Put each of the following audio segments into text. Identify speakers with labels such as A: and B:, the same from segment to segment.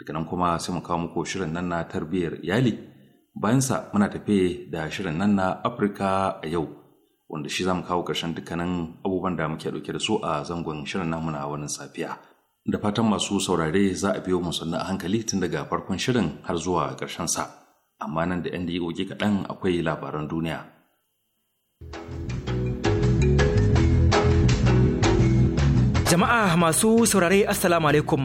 A: daga nan kuma sai mu kawo muku shirin nan na tarbiyyar iyali bayan sa muna tafe da shirin nan na afirka a yau wanda shi zamu kawo ƙarshen dukkanin abubuwan da muke ɗauke da su a zangon shirin namu na wannan safiya da fatan masu saurare za a biyo musu na a hankali tun daga farkon shirin har zuwa ƙarshen sa amma nan da 'yan daƙiƙoƙi kaɗan akwai labaran duniya.
B: Jama'a masu saurare Assalamu alaikum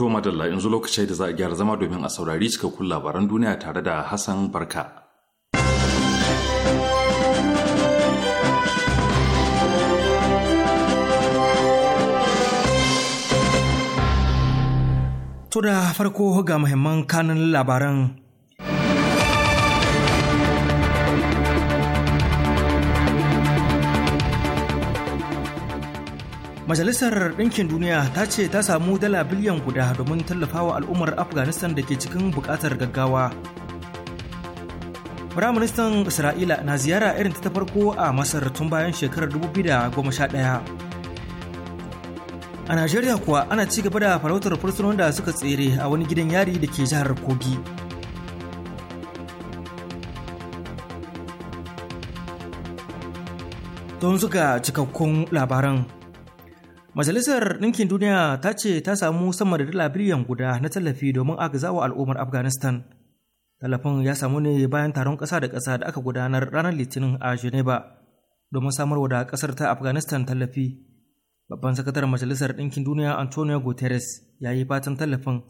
A: To madalla yanzu lokacin da za a gyara zama domin a saurari cikakkun labaran duniya tare da Hassan Barka.
B: To da farko ga muhimman kanin labaran Majalisar Ɗinkin Duniya ta ce ta samu dala biliyan guda domin tallafawa al'ummar Afghanistan da ke cikin buƙatar gaggawa. Firaministan Isra'ila na ziyara irin ta farko a Masar tun bayan shekarar 2011. A Najeriya kuwa ana ci gaba da farautar fursunan da suka tsere a wani gidan yari da ke jihar Kogi. Don suka cikakkun labaran Majalisar Ɗinkin Duniya ta ce ta samu sama da dala biliyan guda na tallafi domin agazawa al'ummar Afghanistan. Tallafin ya samu ne bayan taron ƙasa da ƙasa da aka gudanar ranar Litinin a Geneva domin samarwa da ƙasar ta Afghanistan tallafi. Babban sakataren Majalisar Ɗinkin Duniya Antonio Guterres ya yi fatan tallafin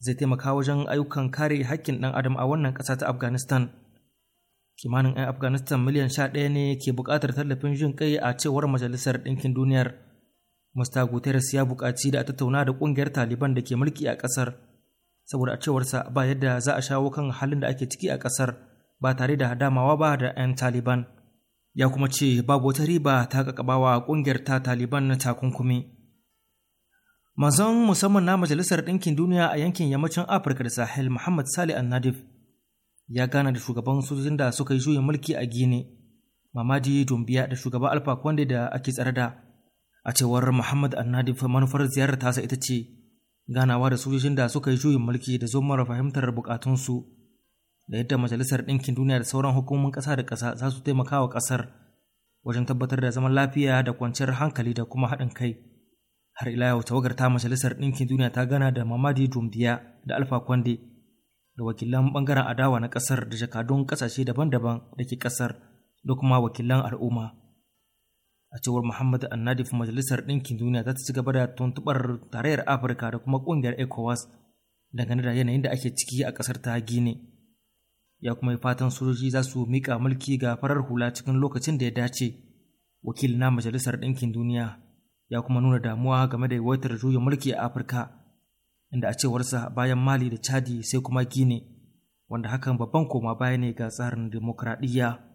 B: zai taimaka wajen ayyukan kare haƙƙin ɗan adam a wannan ƙasa ta Afghanistan. Kimanin 'yan Afghanistan miliyan sha ɗaya ne ke buƙatar tallafin jin ƙai a cewar Majalisar Ɗinkin Duniyar. Mr. Guterres ya buƙaci da a tattauna da ƙungiyar Taliban da ke mulki a ƙasar, saboda a cewarsa ba yadda za a shawo kan halin da ake ciki a ƙasar ba tare da damawa ba da 'yan Taliban. Ya kuma ce babu wata riba ta ƙaƙabawa ƙungiyar ta Taliban na takunkumi. Manzon musamman na Majalisar Ɗinkin Duniya a yankin yammacin Afirka da Sahel Muhammad Salih Al-Nadif ya gana da shugaban sojojin da suka yi juyin mulki a Gini, Mamadi Dumbiya da shugaban Alfa Kwande da ake tsare da a cewar muhammad annadi manufar ziyarar tasa ita ce ganawa da sojojin da suka yi juyin mulki da mara fahimtar bukatunsu da yadda majalisar ɗinkin duniya da sauran hukumomin ƙasa da ƙasa za su taimaka wa ƙasar wajen tabbatar da zaman lafiya da kwanciyar hankali da kuma haɗin kai har ila yau tawagar ta majalisar ɗinkin duniya ta gana da mamadi dumbiya da alfa kwande da wakilan Bangaren adawa na ƙasar da jakadun ƙasashe daban-daban da ke ƙasar da kuma wakilan al'umma a cewar muhammad annadif majalisar ɗinkin duniya za ta ci gaba da tuntuɓar tarayyar afirka da kuma ƙungiyar ecowas dangane da yanayin da ake ciki a ƙasar ta gine ya kuma yi fatan sojoji za su miƙa mulki ga farar hula cikin lokacin da ya dace wakil na majalisar ɗinkin duniya ya kuma nuna damuwa game da yawaitar juyin mulki a afirka inda a cewarsa bayan mali da chadi sai kuma gine wanda hakan babban koma baya ne ga tsarin dimokuraɗiyya.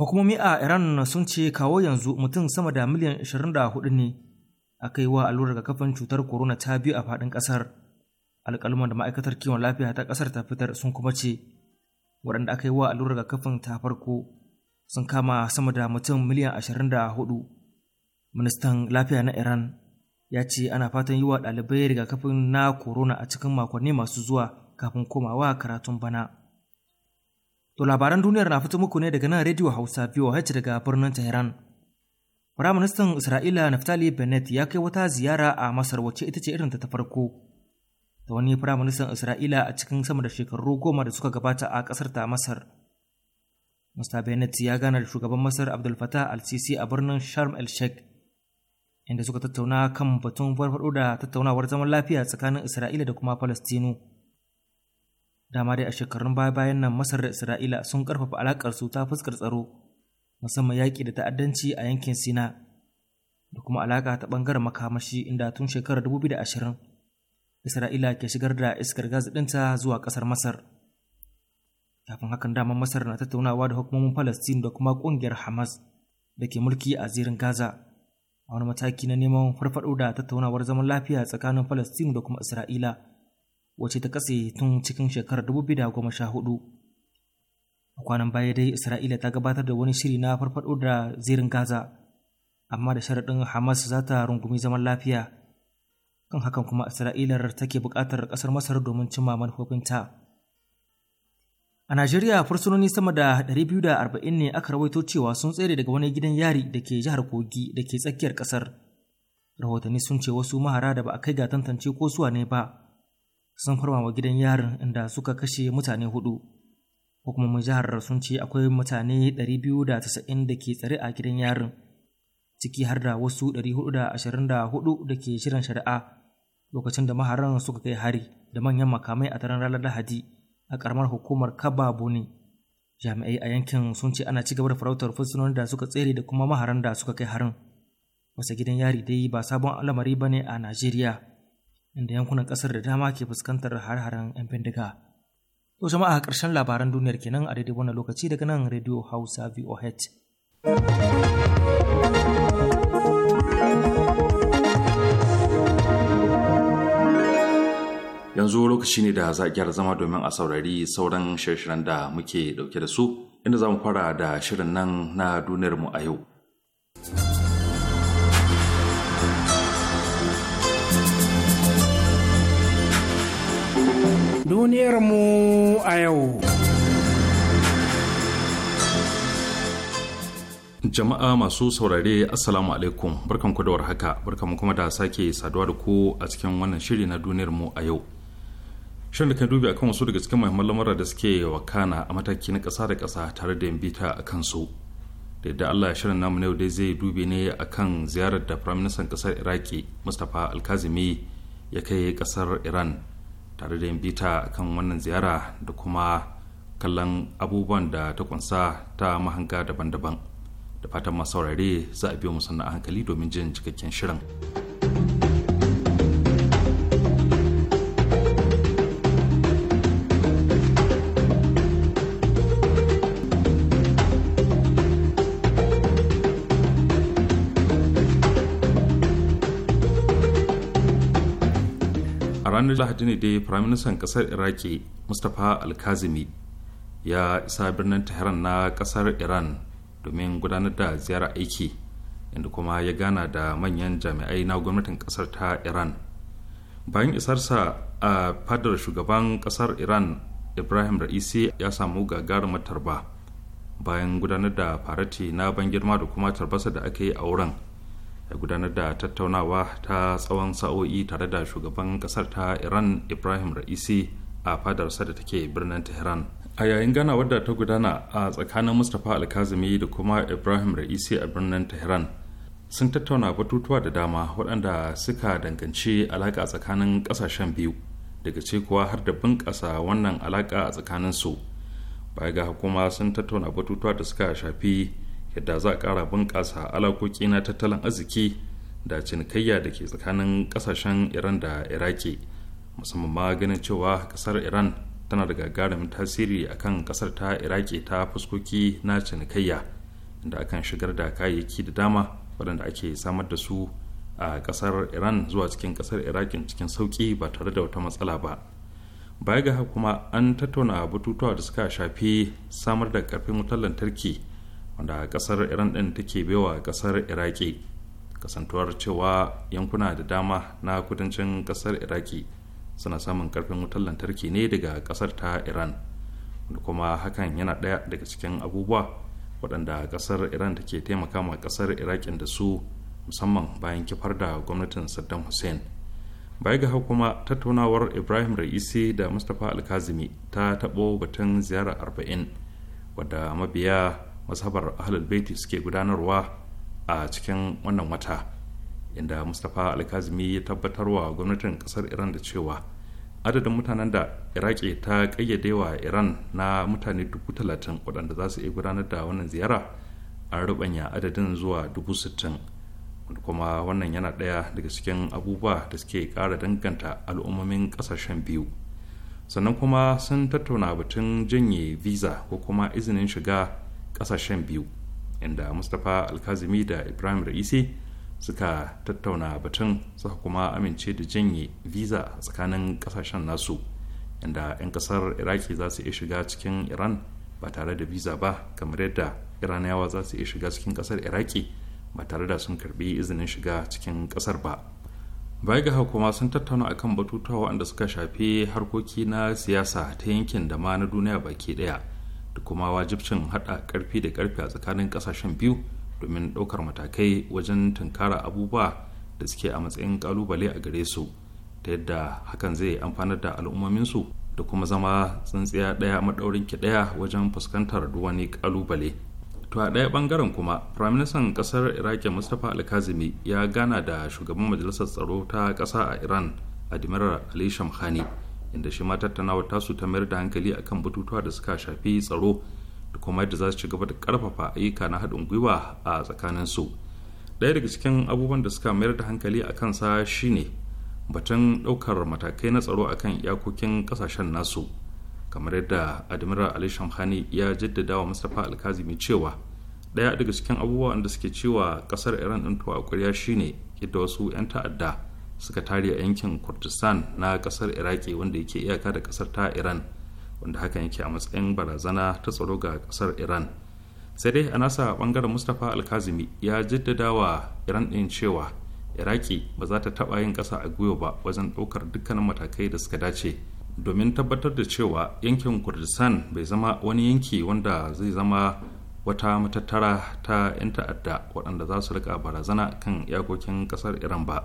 B: Hukumomi a Iran sun ce kawo yanzu mutum sama da miliyan 24 ne aka yi wa allurar kafin cutar corona ta biyu a faɗin kasar Alƙaluman da ma'aikatar kiwon lafiya ta ƙasar ta fitar sun kuma ce waɗanda aka yi wa allurar kafin ta farko sun kama sama da mutum miliyan 24. Ministan lafiya na Iran ya ce ana fatan yi wa ɗalibai rigakafin na corona a cikin makonni masu zuwa kafin komawa karatun bana. To labaran duniyar na fito muku ne daga nan Radio Hausa VOH daga birnin Tehran. Firaministan Isra'ila Naftali Bennett ya kai wata ziyara a Masar wacce ita ce irin ta farko. Da wani firaministan Isra'ila a cikin sama da shekaru goma da suka gabata a ƙasar ta Masar. Mr. Bennett ya gana da shugaban Masar Abdul Fattah al-Sisi a birnin Sharm el-Sheikh inda suka tattauna kan batun farfado da tattaunawar zaman lafiya tsakanin Isra'ila da kuma Falastinu. dama dai a shekarun baya bayan nan masar da isra'ila sun karfafa alakar su ta fuskar tsaro musamman yaƙi da ta'addanci a yankin sina da kuma alaka ta bangaren makamashi inda tun shekarar 2020 isra'ila ke shigar da iskar gazi ɗinta zuwa ƙasar masar kafin hakan damar masar na tattaunawa da hukumomin palestine da kuma ƙungiyar hamas da ke mulki a zirin gaza a wani mataki na neman farfaɗo da tattaunawar zaman lafiya tsakanin palestine da kuma isra'ila Wace ta katse tun cikin shekarar hudu? a kwanan baya dai isra'ila ta gabatar da wani shiri na farfaɗo da zirin gaza amma da sharaɗin hamas za ta rungumi zaman lafiya kan hakan kuma isra'ilar take buƙatar ƙasar masar domin cimma manufofinta a najeriya fursunoni sama da ɗari biyu da arba'in ne aka rawaito cewa sun tsere daga wani gidan yari da ke jihar kogi da ke tsakiyar ƙasar rahotanni sun ce wasu mahara da ba a kai ga tantance ko suwa ne ba sun farwa wa gidan yarin inda suka kashe mutane hudu hukumomin jihar sun ce akwai mutane 290 da ke tsare a gidan yarin ciki har da wasu 424 da ke shirin shari'a lokacin da maharan suka kai hari da manyan makamai a taron ranar lahadi a karamar hukumar kaba bone jami'ai a yankin sun ce ana cigaba da farautar fursunonin da suka tsere da kuma maharan da suka kai harin wasu gidan yari dai ba sabon al'amari ba ne a najeriya inda yankunan kasar da dama ke fuskantar har-haren 'yan bindiga. To jama'a ƙarshen labaran duniyar kenan a daidai wannan lokaci daga nan Radio Hausa VOH.
A: Yanzu lokaci ne da za a gyara zama domin a saurari sauran shirye da muke dauke da su, inda za mu fara da shirin nan na duniyarmu a yau.
C: duniyar mu a yau.
A: Jama'a masu saurare Assalamu alaikum barkanku da warhaka barkanku kuma da sake saduwa da ku a cikin wannan shiri na duniyar mu a yau. Shirin da kan dubi akan wasu daga cikin muhimman lamura da suke wa Kana a mataki na ƙasa da ƙasa tare da bita a kansu. Da yadda Allah shirin namu na dai zai dubi ne akan ziyarar da Firaministan ƙasar Iraki Mustapha Alkazimi ya kai ƙasar Iran tare da yin bita kan wannan ziyara da kuma kallon abubuwan da ta kunsa ta mahanga daban-daban da fatan masu za a biyo musamman a hankali domin jin cikakken shirin. lahadi dai firaministan kasar iraki mustapha alkazimi ya isa birnin tehran na kasar iran domin gudanar da ziyara aiki inda kuma ya gana da manyan jami'ai na gwamnatin kasar ta iran bayan isarsa a fadar shugaban kasar iran ibrahim ra'isi ya samu gagarumar tarba bayan gudanar da farati na ban girma da kuma tarbasa da aka yi a wurin ya gudanar da tattaunawa ta tsawon sa'o'i tare da shugaban kasar ta iran ibrahim ra'isi a fadarsa da take birnin tehran a yayin gana wadda ta gudana a tsakanin mustapha alkazimi da kuma ibrahim ra'isi a birnin tehran sun tattauna batutuwa da dama waɗanda suka danganci alaƙa tsakanin ƙasashen biyu daga ce kuwa har da bunƙasa wannan alaƙa a tsakanin su baya ga hukuma sun tattauna batutuwa da suka shafi yadda za a kara bunƙasa alakoki na tattalin arziki da cinikayya da ke tsakanin ƙasashen iran da iraki musamman ma ganin cewa ƙasar iran tana da gagarumin tasiri akan ƙasar ta iraki ta fuskoki na cinikayya da akan shigar da kayayyaki da dama waɗanda ake samar da su a ƙasar iran zuwa cikin ƙasar irakin cikin sauƙi ba tare da wata matsala ba baya ga kuma an tattauna batutuwa da suka shafi samar da ƙarfin wutar lantarki wanda kasar iran din take baiwa kasar iraki kasantuwar cewa yankuna da dama na kudancin kasar iraki suna samun karfin wutar lantarki ne daga kasar ta iran wanda kuma hakan yana ɗaya daga cikin abubuwa waɗanda kasar iran take taimaka ma kasar iraki da su musamman bayan kifar da gwamnatin saddam hussein baya ga haka kuma tattaunawar ibrahim ra'isi da mustapha alkazimi ta taɓo batun ziyara arba'in wadda mabiya mazhabar ahlul baiti suke gudanarwa a cikin wannan wata inda mustapha alkazimi ya tabbatarwa gwamnatin kasar iran da cewa adadin mutanen da iraki ta kayyade iran na mutane dubu talatin waɗanda za su iya gudanar da wannan ziyara an rubanya adadin zuwa dubu sittin kuma wannan yana ɗaya daga cikin abubuwa da suke ƙara danganta al'ummomin ƙasashen biyu sannan kuma sun tattauna batun janye visa ko kuma izinin shiga kasashen biyu inda mustapha alkazimi da ibrahim ra'isi suka tattauna batun suka kuma amince da janye visa tsakanin kasashen nasu inda 'yan kasar iraki za su iya shiga cikin iran ba tare da visa ba kamar yadda iraniyawa za su iya shiga cikin kasar iraki ba tare da sun karbi izinin shiga cikin kasar ba baya ga kuma sun tattauna akan batutuwa wanda suka shafi harkoki na siyasa ta yankin da ma na duniya baki daya da kuma wajibcin hada karfi da karfi a tsakanin kasashen biyu domin daukar matakai wajen tunkara abubuwa da suke a matsayin kalubale a gare su ta yadda hakan zai amfanar da al'ummominsu da kuma zama tsintsiya daya maɗaurin ki daya wajen fuskantar duk wani ƙalubale to a daya bangaren kuma firaministan kasar iraki mustapha alkazimi ya gana da shugaban majalisar tsaro ta ƙasa a iran admiral ali shamkhani inda shi ma tattaunawar tasu ta mayar da hankali akan batutuwa da suka shafi tsaro da kuma yadda za su ci gaba da karfafa ayyuka na haɗin gwiwa a tsakanin su ɗaya daga cikin abubuwan da suka mayar da hankali a kansa shine batun ɗaukar matakai na tsaro akan iyakokin ƙasashen nasu kamar yadda admiral ali shamhani ya jaddada wa mustapha alkazimi cewa ɗaya daga cikin abubuwan da suke cewa ƙasar iran ɗin a ƙwarya shine yadda wasu 'yan ta'adda suka tare a yankin kurdistan na kasar iraki wanda yake iyaka da kasar ta iran wanda haka yake a matsayin barazana ta tsaro ga kasar iran sai dai a nasa bangaren mustapha alkazimi ya jaddada wa iran din cewa iraki ba za ta taba yin kasa a gwiwa ba wajen daukar dukkanin matakai da suka dace domin tabbatar da cewa yankin kurdistan bai zama wani yanki wanda zai zama wata matattara ta 'yan ta'adda waɗanda za su rika barazana kan iyakokin kasar iran ba.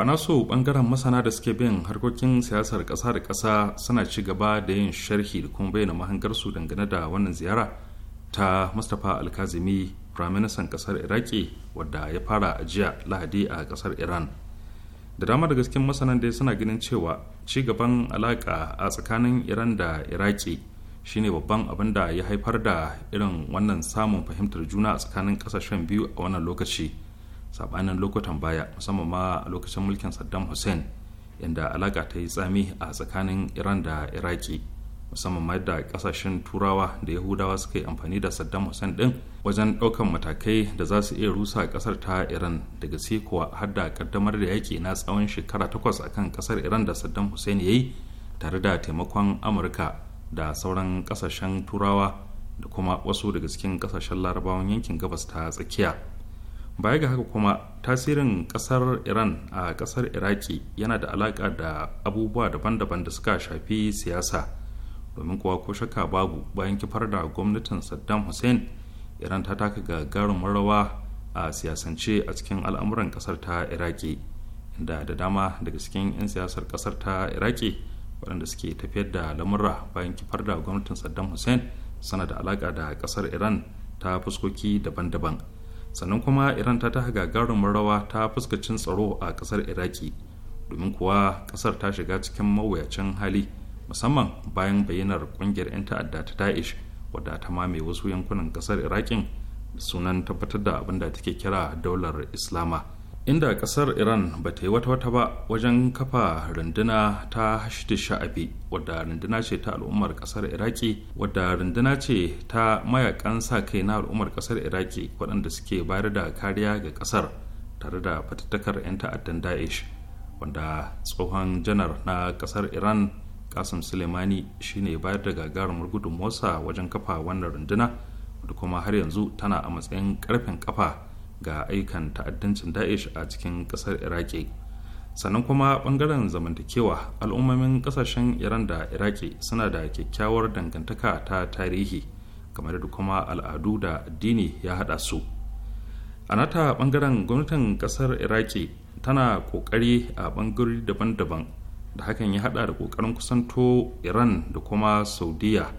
A: a nasu bangaren masana da suke bin harkokin siyasar ƙasa da ƙasa suna ci gaba da yin sharhi da kuma bayyana mahangarsu dangane da wannan ziyara ta mustapha alkazimi firaministan ƙasar iraki wadda ya fara ajiya lahadi a ƙasar iran da dama da gasken masanan da suna ganin cewa ci gaban alaƙa a tsakanin iran da iraki shine babban abin da ya haifar da irin wannan samun fahimtar juna a tsakanin ƙasashen biyu a wannan lokaci sabanin lokutan baya musamman ma a lokacin mulkin saddam hussein inda alaka ta yi tsami a tsakanin iran da iraki musamman ma da kasashen turawa da yahudawa suka yi amfani da saddam hussein din wajen daukan matakai da za su iya rusa kasar ta iran daga sai kuwa har da kaddamar da yaki na tsawon shekara takwas kan kasar iran da saddam hussein ya yi tare da taimakon amurka da sauran kasashen turawa da kuma wasu daga cikin kasashen larabawan yankin gabas ta tsakiya baya ga haka kuma tasirin kasar iran a kasar iraki yana da alaƙa da abubuwa daban-daban da suka shafi siyasa domin kuwa ko shakka babu bayan kifar da gwamnatin saddam hussein iran ta taka garin rawa a siyasance a cikin al'amuran kasar ta iraki inda da dama daga cikin 'yan siyasar kasar ta iraki waɗanda suke tafiyar da lamura bayan kifar da gwamnatin saddam hussein sana da alaƙa da kasar iran ta fuskoki daban-daban sannan kuma iran ta ta gagarumin rawa ta fuskacin tsaro a kasar iraki domin kuwa kasar ta shiga cikin mawuyacin hali musamman bayan bayyanar kungiyar 'yan ta'adda ta da'ish wadda ta mame wasu yankunan kasar irakin sunan tabbatar da abin da take kira daular islama inda kasar iran ba ta yi wata-wata ba wajen kafa runduna ta hashti sha'abi wadda runduna ce ta al'ummar kasar iraki wadda runduna ce ta mayakan sa kai na al'ummar kasar iraki waɗanda suke bayar da kariya ga kasar tare da fatattakar 'yan ta'addan da'ish wanda tsohon janar na kasar iran kasim suleimani shine bayar da gagarumar gudunmuwarsa wajen kafa wannan runduna wadda kuma har yanzu tana a matsayin karfin kafa ga aikan ta'addancin da'ish a cikin kasar iraki sannan kuma bangaren zamantakewa al'ummomin kasashen iran da iraki suna da kyakkyawar dangantaka ta tarihi kamar da kuma al'adu da addini ya hada su a nata bangaren gwamnatin kasar iraki tana kokari a bangarori daban-daban da hakan ya hada da kokarin kusanto iran da kuma saudiya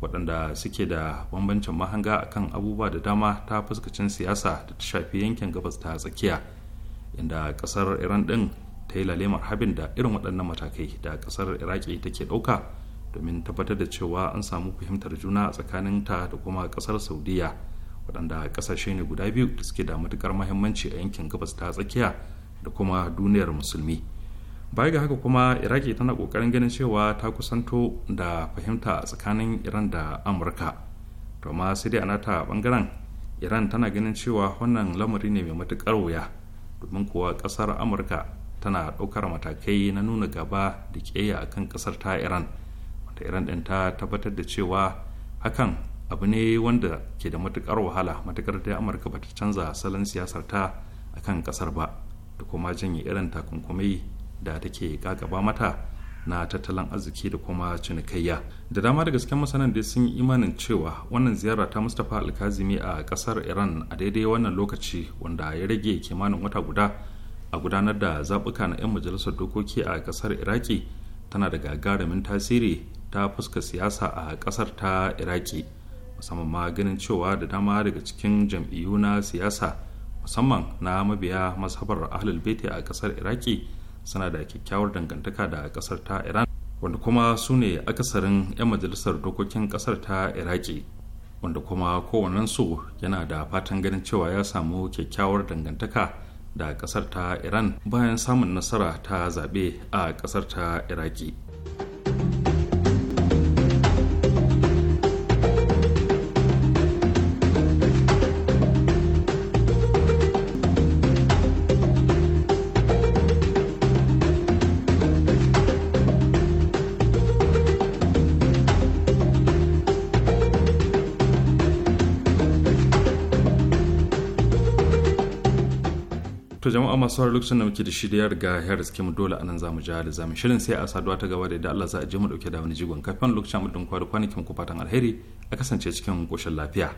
A: waɗanda suke da bambancin mahanga a kan abubuwa da dama ta fuskacin siyasa da ta shafi yankin gabas ta tsakiya inda ƙasar iran ɗin ta yi lalemar habin da irin waɗannan matakai da ƙasar iraki take ɗauka domin tabbatar da cewa an samu fahimtar juna a tsakanin ta da kuma ƙasar saudiya waɗanda ƙasashe ne guda biyu da suke da matuƙar mahimmanci a yankin gabas ta tsakiya da kuma duniyar musulmi baya ga haka kuma iraki tana kokarin ganin cewa ta kusanto da fahimta tsakanin iran da amurka to ma sai dai a nata bangaren iran tana ganin cewa wannan lamari ne mai matukar wuya domin kuwa kasar amurka tana ɗaukar matakai na nuna gaba da keya akan kasar ta iran wanda iran ɗin ta tabbatar da cewa hakan abu ne wanda ke da matukar wahala matukar da amurka bata canza salon siyasar ta akan kasar ba da kuma janye irin takunkumai da take gagaba mata na tattalin arziki da kuma cinikayya da dama daga gasken masanan da sun yi imanin cewa wannan ziyara ta mustapha alkazimi a kasar iran a daidai wannan lokaci wanda ya rage kimanin wata guda a gudanar da zaɓuka na 'yan majalisar dokoki a kasar iraki tana da gagarumin tasiri ta fuska siyasa a kasar ta iraki musamman ma ganin cewa da dama daga cikin jam'iyyu na siyasa musamman na mabiya masabar ahlul beti a kasar iraki suna da kyakkyawar dangantaka da kasar ta iran wanda kuma su ne akasarin 'yan majalisar dokokin kasar ta iraki wanda kuma kowannen su yana da fatan ganin cewa ya samu kyakkyawar dangantaka da kasar ta iran bayan samun nasara ta zaɓe a kasar ta iraki masu lokacin da muke da shi ga ya suke mu dole anan zamu ja da zamu shirin sai a saduwa ta gaba da yadda Allah za a je mu dauke da wani jigon kafin lokacin mu dinkwa da kwanakin ku fatan alheri a kasance cikin koshin lafiya.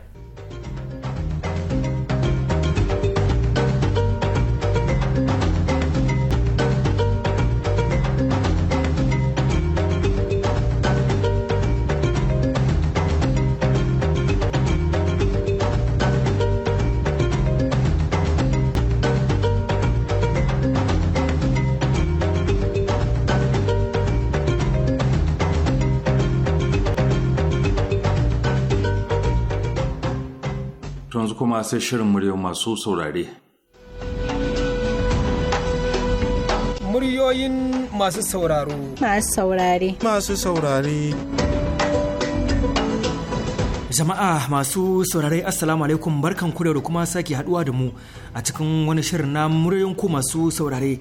A: sai shirin murya masu saurare.
B: Muryoyin masu sauraro.
D: Masu saurare. Masu saurare.
B: Jama'a masu saurare Assalamu alaikum barkan kurewa da kuma sake haduwa da mu a cikin wani shirin na muryoyin ku masu saurare.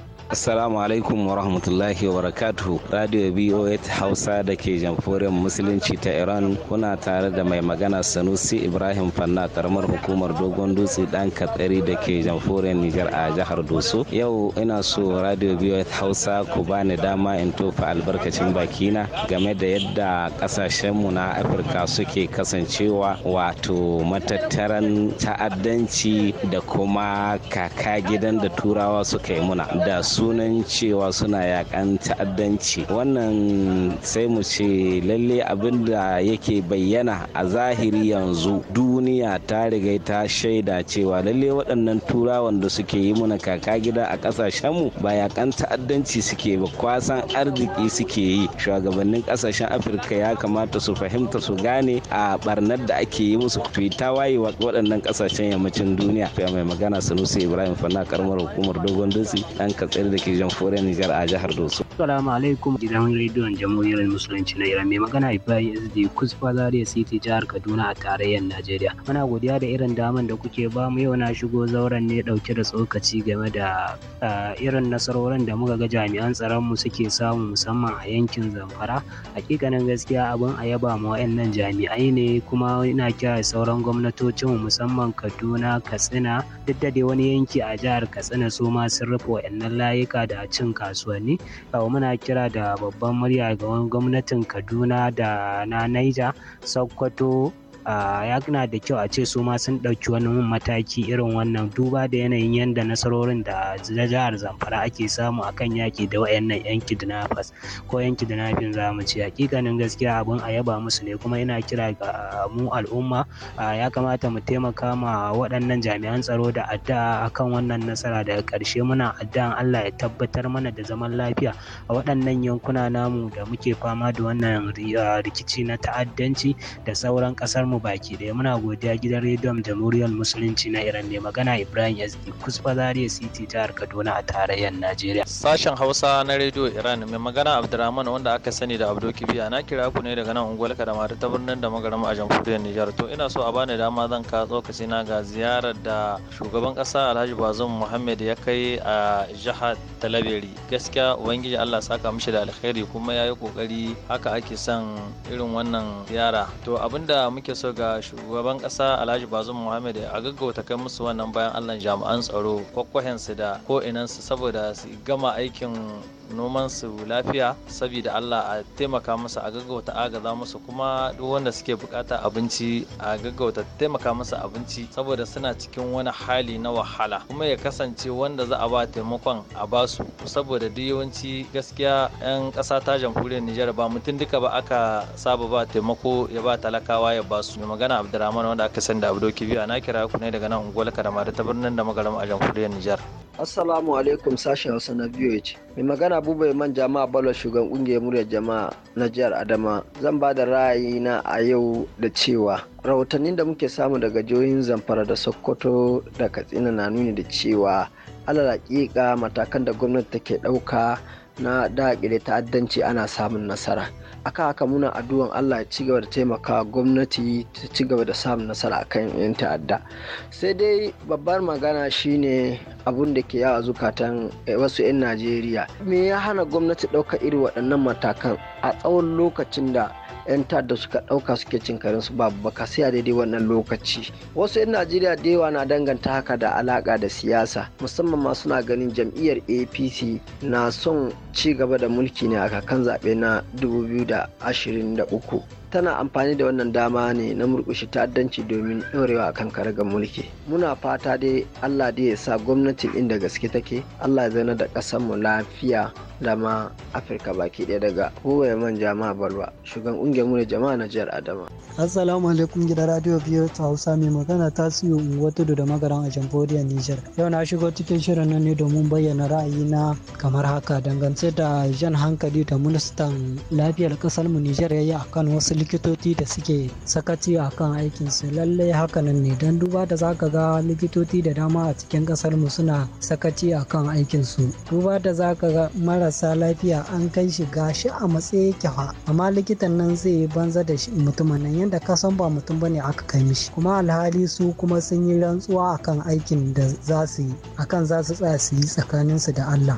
E: Assalamu alaikum wa rahmatullahi wa barakatuhu. Radio BOA Hausa da ke jamhuriyar Musulunci ta Iran kuna tare da mai magana Sanusi Ibrahim Fanna karamar hukumar Dogon Dutse dan Katsari da ke jamhuriyar Nijar a jihar Dusu. Yau ina so Radio BOA Hausa ku bani dama in tofa albarkacin bakina game da yadda kasashenmu na Afirka suke kasancewa wato matattaran ta'addanci da kuma kaka gidan da turawa suka yi muna da su sunan cewa suna yakan ta'addanci wannan sai mu ce lalle abin da yake bayyana a zahiri yanzu duniya ta riga ta shaida cewa lalle waɗannan turawan da suke yi muna kaka gida a ƙasashenmu ba yakan ta'addanci suke ba kwasan arziki suke yi shugabannin ƙasashen afirka ya kamata su fahimta su gane a barnar da ake yi musu fita waye waɗannan ƙasashen yammacin duniya mai magana sanusi ibrahim fana karamar hukumar dogon dutse ɗan katsir da ke jamhuriyar Nijar a jihar Doso.
F: Assalamu alaikum gidan rediyon jamhuriyar musulunci na Iran mai magana Ibrahim SD Kusfa Zaria City jihar Kaduna a tarayyar Najeriya. Muna godiya da irin daman da kuke ba mu yau na shigo zauren ne dauke da tsokaci game da eh, irin nasarorin da muka ga jami'an tsaron mu suke samu musamman a yankin Zamfara. Hakikanin gaskiya abin a yaba mu wayannan jami'ai ne kuma ina kira sauran gwamnatocin musamman Kaduna, Katsina, duk da dai wani yanki a jihar Katsina su ma sun rufe wayannan layi ayyuka da cin kasuwanni muna kira da babban murya ga gwamnatin kaduna da na niger sokoto ya na da kyau a ce su ma sun ɗauki wani mataki irin wannan duba da yanayin yadda nasarorin da jihar zamfara ake samu a kan yaki da wayannan yan kidnappers ko yan kidnapping za mu ce hakikanin gaskiya abun a yaba musu ne kuma yana kira ga mu al'umma ya kamata mu taimaka ma waɗannan jami'an tsaro da addu'a kan wannan nasara daga ƙarshe muna addu'an Allah ya tabbatar mana da zaman lafiya a waɗannan yankuna namu da muke fama da wannan rikici na ta'addanci da sauran ƙasar mu baki ɗaya muna godiya gidan rediyon jamhuriyar musulunci na iran ne magana ibrahim sd kusfa zaria city jihar kaduna a tarayyar
G: najeriya sashen hausa na rediyo iran mai magana abdurrahman wanda aka sani da abdo kibiya na kira ku ne daga nan unguwar kadamari ta birnin da magarama a jamhuriyar nijar to ina so a bani dama zan ka tsokaci na ga ziyarar da shugaban kasa alhaji bazum muhammad ya kai a jihar talabiri gaskiya ubangiji allah saka mishi da alkhairi kuma ya yi kokari haka ake son irin wannan ziyara to abinda muke so ga shugaban kasa Alhaji Bazum Muhammad a gaggauta kai musu wannan bayan Allah jami'an tsaro kwakwahensu da ko'inansu saboda su gama aikin noman su lafiya saboda Allah a taimaka musu a gaggauta agaza musu kuma duk wanda suke bukata abinci a gaggauta taimaka musu abinci saboda suna cikin wani hali na wahala kuma ya kasance wanda za a ba taimakon a basu saboda duk yawanci gaskiya 'yan kasa ta jamhuriyar Nijar ba mutum duka ba aka saba ba taimako ya ba talakawa ya basu su magana Abdurrahman wanda aka sanda Abdo Kibiya na kira ku ne daga nan unguwar Kadamare ta birnin da magaram a jamhuriyar Nijar
H: assalamu alaikum sashen Hausa na biyu mai magana bai man jama'a balo shugaban kungiyar muryar jama'a na jihar adama zan ba da ra'ayina a yau da cewa rahotannin da muke samu daga jihohin zamfara da sokoto da katsina na nuni da cewa alal matakan da gwamnati take ɗauka na daƙile ta'addanci ana samun nasara akan haka muna addu'an Allah ya ci gaba da taimaka gwamnati ta ci gaba da samun nasara a kan yan ta'adda sai dai babbar magana shine abun da ke yawa zukatan eh, wasu 'yan Najeriya me ya hana gwamnati ɗaukar irin waɗannan matakan a tsawon lokacin da 'yan da suka ɗauka suke cin karin su babu baka sai a daidai wannan lokaci wasu 'yan najeriya da yawa na danganta haka da alaka da siyasa musamman ma suna ganin jam'iyyar apc na son ci gaba da mulki ne a kakan zaɓe na 2023 tana amfani da wannan dama ne na murkushe ta'addanci domin ɗorewa akan karagar mulki muna fata dai allah da ya sa gwamnatin inda gaske take allah ya zana da mu lafiya da ma afirka baki ɗaya daga kowai man jama'a balwa shugan ƙungiyar mu jama'a na jihar adama
F: assalamu alaikum gidan radio biyu ta hausa mai magana ta siyo unguwar tudu da magaran a jamhuriyar niger yau na shigo cikin shirin nan ne domin bayyana na kamar haka dangance da jan hankali da ministan lafiyar ƙasar mu niger ya yi akan wasu likitoci da suke sakaci a kan aikinsu lallai hakanan ne don duba da zaka ga likitoci da dama a cikin kasar mu suna sakaci a kan aikinsu duba da zaka ga marasa lafiya an kai shi gashi a matsayi kyafa amma likitan nan zai yi banza da mutumin nan yadda ka san ba mutum bane aka kai mishi kuma alhali su kuma sun yi rantsuwa akan aikin da za su yi akan za su tsaya su yi tsakaninsu da Allah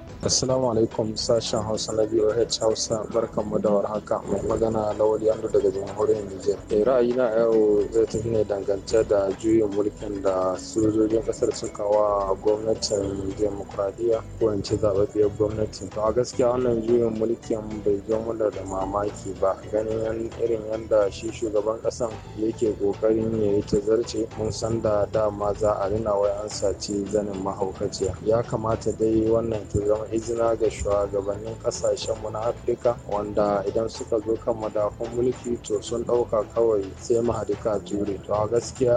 I: Assalamu alaikum sashen Hausa na BOH Hausa mu da warhaka mai magana Lawal Yando daga jamhuriyar Nijar. Eh, ra'ayi na yau zai tafi ne dangance da juyin mulkin da sojojin kasar suka wa gwamnatin demokradiyya ko in ce zababbiyar gwamnati. To a gaskiya wannan juyin mulkin bai zo mana da mamaki ba ganin irin yadda shi shugaban kasan yake kokarin ya yi tazarce mun san da dama za a rina wai an saci zanin mahaukaciya. Ya kamata dai wannan ta zama izina ga shugabannin kasashenmu na afirka wanda idan suka zo kan madafun mulki to sun ɗauka kawai sai mahadika ture to a gaskiya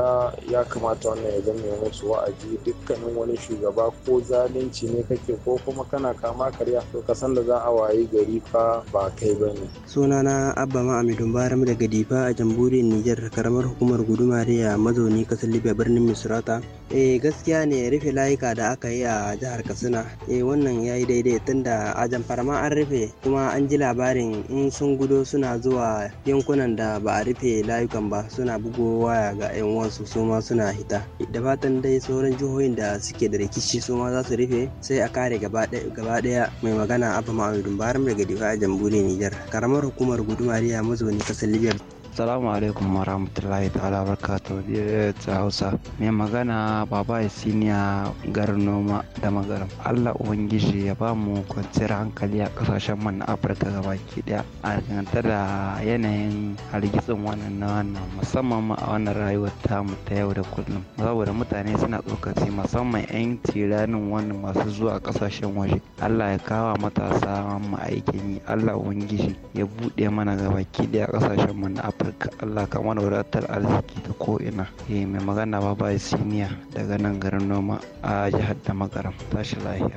I: ya kamata wannan ya zama musu wa'azi dukkanin wani shugaba ko zalunci ne kake ko kuma kana kama karya to ka san da za a wayi gari fa ba kai ba ne.
H: sunana abba ma'amidun baram daga difa a jamhuriyar niger karamar hukumar guduma mazauni kasar libya birnin misrata eh gaskiya ne rufe layuka da aka yi a jihar katsina eh wannan ya daidai tunda a Zamfarama an rufe kuma an ji labarin in sun gudo suna zuwa yankunan da ba a rufe layukan ba suna bugo waya ga 'yan uwansu su ma suna hita. Da fatan dai sauran jihohin da suke da rikici su ma za su rufe sai a kare gaba ɗaya mai magana Abba Ma'amudun Baram daga Difa a jamhuriyar Nijar. Karamar hukumar Gudumariya mazauni kasar Libya Assalamu alaikum wa rahmatullahi ta'ala barakatuhu ta Hausa. Mai magana baba ya siniya garin noma da magaram. Allah Ubangiji ya ba mu kwanciyar hankali a kasashen man Afirka gabaki daya. A danganta da yanayin hargitsin wannan na wannan musamman ma a wannan rayuwar tamu ta yau da kullum.
B: Saboda mutane suna tsokaci musamman 'yan tiranin wannan masu zuwa kasashen waje. Allah ya kawo matasa mu aikin yi. Allah Ubangiji
H: ya buɗe mana gabaki daya kasashen man Afirka. albarka Allah ka mana wadatar arziki ta ko'ina eh mai magana ba ba siniya daga nan garin noma a jihar da magaram tashi lahiya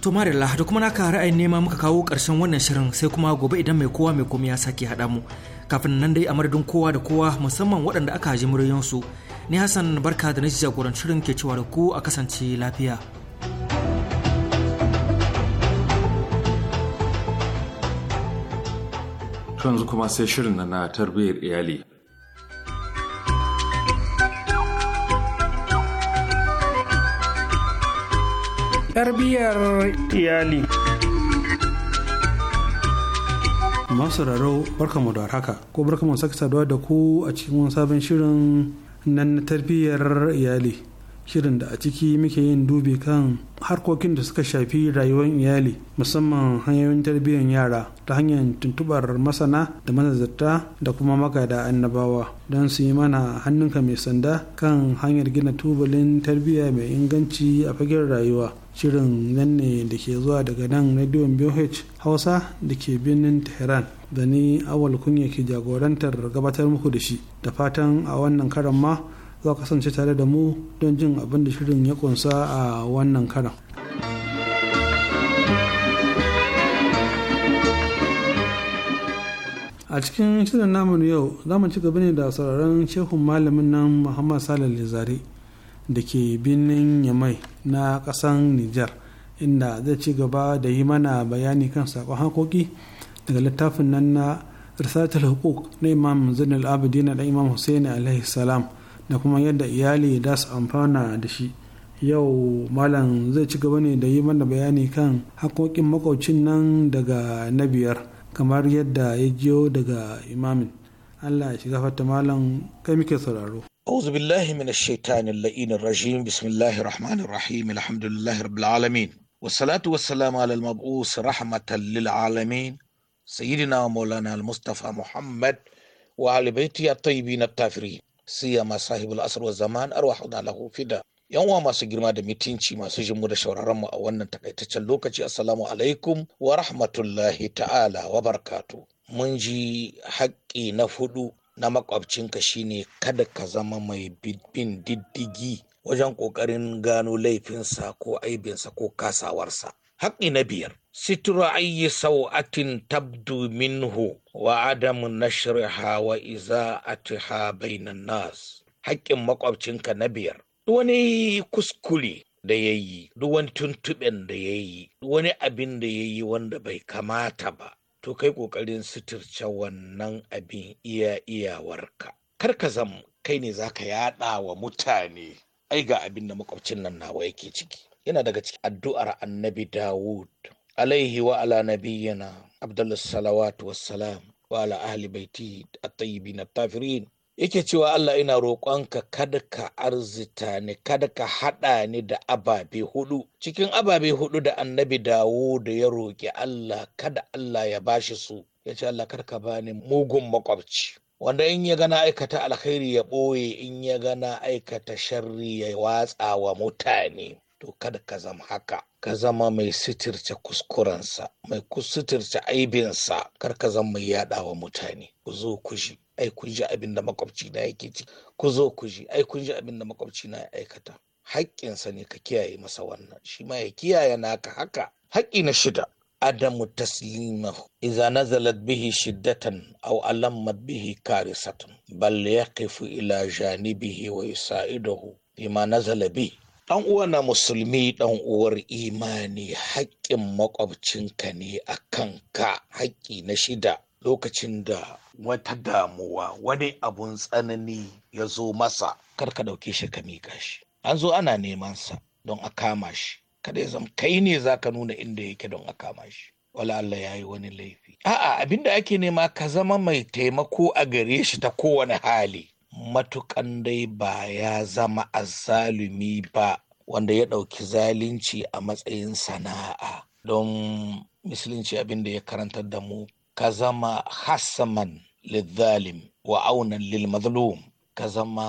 B: to marilla da kuma naka ra'ayin nema muka kawo karshen wannan shirin sai kuma gobe idan mai kowa mai komai ya sake haɗa mu kafin nan dai a madadin kowa da kowa musamman waɗanda aka ji muryoyinsu ni hassan barka da na jagorancin shirin ke cewa da ku a kasance lafiya
A: To kuma sai shirin na tarbiyyar iyali. Tarbiyyar iyali.
C: Masu raro barkamu da haka ko barkamu saki saduwa da ku a cikin sabon shirin nan na tarbiyyar iyali. shirin da a ciki muke yin dubi kan harkokin da suka shafi rayuwar iyali musamman hanyoyin tarbiyyar yara ta hanyar tuntubar masana da manazarta da kuma magada annabawa don su yi mana hannunka mai sanda kan hanyar gina tubalin tarbiyya mai inganci a fagen rayuwa shirin nan ne da ke zuwa daga nan rediyon bh Hausa da ke birnin Tehran da ni awal kunya ke jagorantar gabatar muku da shi da fatan a wannan karan ma za kasance tare da mu don jin abin da shirin ya kunsa a wannan karan. a cikin shirin namu yau za mu ci gaba ne da sauraron shehun malamin nan muhammad salih lizari da ke birnin yamai na kasan nijar inda zai ci gaba da yi mana bayani kan sakon hakoki daga littafin nan na risatul hukuk na imam abu abidin da imam hussein alaihi salam da kuma yadda iyali da su amfana da shi yau malam zai ci gaba ne da yi mana bayani kan haƙoƙin makwabcin nan daga na biyar kamar yadda ya jiyo daga imamin allah ya shiga fata malam kai muke
J: sauraro أعوذ بالله من الشيطان اللئين الرجيم بسم الله الرحمن الرحيم الحمد لله رب العالمين والصلاة والسلام على المبعوث رحمة للعالمين سيدنا مولانا المصطفى محمد وعلى بيته الطيبين الطاهرين siyama sahibul asr wa zaman arwahuna lahu fida yan uwa masu girma da mitinci masu jinmu da shauraron mu a wannan takaitaccen lokaci assalamu alaikum wa rahmatullahi ta'ala wa barkatu mun ji haƙƙi na hudu na makwabcinka shine kada ka zama mai bin diddigi wajen ƙoƙarin gano laifinsa ko aibinsa ko kasawarsa haƙƙi na biyar situra ayi sau'atin tabdu minhu wa adamu nashriha wa iza'atiha bainan nas haƙƙin makwabcinka na biyar wani kuskure da ya yi wani tuntuɓen da ya yi wani abin da ya yi wanda bai kamata ba to kai ƙoƙarin suturce wannan abin iya iyawarka kar ka zam kai ne za ka yaɗa wa mutane ai ga abin da makwabcin nan nawa yake ciki yana daga cikin addu'ar annabi Dawud alaihi wa ala nabiyyana abdullah salawatu wassalam wa ala ahli baiti a tayyibin tafirin yake cewa Allah ina roƙonka kada ka arzita ni kada ka haɗa ni da ababe hudu cikin ababe hudu da annabi Dawud ya roƙi Allah kada Allah ya bashi su ya ce Allah karka bani mugun makwabci wanda in ya gana aikata alkhairi ya ɓoye in ya gana aikata sharri ya watsa wa mutane to kada ka zama haka ka zama mai sitirce kuskurensa mai sitirce aibinsa kar ka zama mai wa mutane ku zo ku ji ai kun ji abin da makwabci na yake ci ku zo ku ji ai kun ji abin da makwabci na ya aikata haƙƙinsa ne ka kiyaye masa wannan shi ma ya kiyaye naka haka haƙƙi na shida adamu taslima idza nazalat bihi shiddatan aw alammat bihi karisatun bal yaqifu ila janibihi wa yusaiduhu bima nazala bihi ɗan uwa na musulmi ɗan uwar imani haƙƙin makwabcinka ne a kanka haƙƙi na shida lokacin da wata damuwa wani abun tsanani ya zo masa karka ɗauke shi ka miƙa shi an zo ana neman sa don a kama shi kada ya zama kai ne za ka nuna inda yake don a kama shi wala Allah ya yi wani laifi a'a abinda ake nema ka zama mai taimako a gare shi ta kowane hali matukan dai ba ya zama azzalumi ba wanda ya ɗauki zalunci a matsayin sana'a don musulunci abinda ya karanta da mu ka zama hassaman lizalim wa aunan lil mazlum ka zama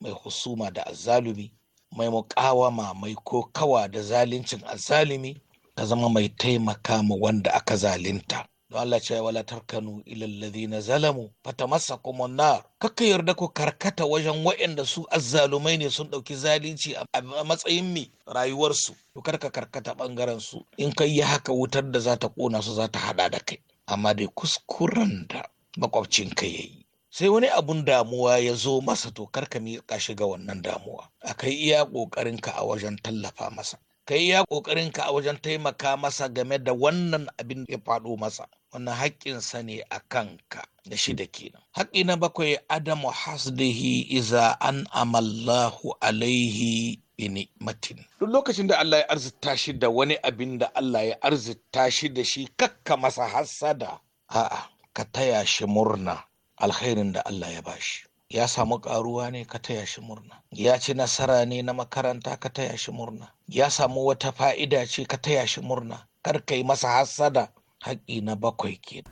J: mai husuma da azzalumi mai muƙawama mai kokawa da zaluncin azzalumi ka zama mai taimaka ma wanda aka zalinta. don Allah ce wala tarkanu ilal ladina zalamu masa kuma nar kaka yarda ku karkata wajen waɗanda su azzalumai ne sun ɗauki zalici a matsayin mi rayuwarsu to ka karkata bangaren su in kai yi haka wutar da za ta kona su za ta hada da kai amma dai kuskuren da makwabcin ka yayi sai wani abun damuwa ya zo masa to karka miƙa shi ga wannan damuwa A akai iya ƙoƙarinka a wajen tallafa masa kai ya ƙoƙarinka a wajen taimaka masa game da wannan abin da ya faɗo masa wani haƙƙinsa ne a kanka da shi da kenan. Haƙƙi na bakwai Adamu hasdihi iza an amallahu alaihi bi matin. Duk lokacin da Allah ya arzita shi da wani abin da Allah ya arzita shi da shi kakka masa hassada. A'a, ka taya shi murna alkhairin da Allah ya bashi. ya samu ƙaruwa ne ka taya shi murna ya ci nasara ne na makaranta ka taya shi murna ya samu wata fa'ida ce ka taya shi murna kar ka yi masa hassada haƙƙi na bakwai ke.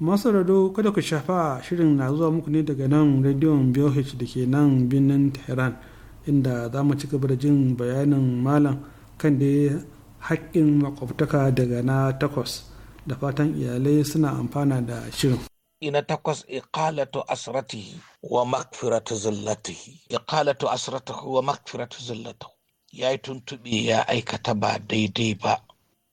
C: masu kada ku shafa shirin na zuwa muku ne daga nan rediyon BOH da ke nan birnin tehran inda za mu ci gaba da jin bayanin malam kan da haƙƙin makwabtaka daga na takwas da fatan iyalai suna amfana da shirin
J: na takwas iqalatu asratihi wa makfiratu zillatihi iqalatu asratihi wa makfiratu zillatihi ya yi tuntuɓe ya aikata ba daidai ba